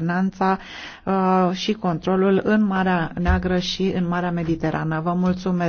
guvernanța uh, și controlul în Marea Neagră și în Marea Mediterană. Vă mulțumesc!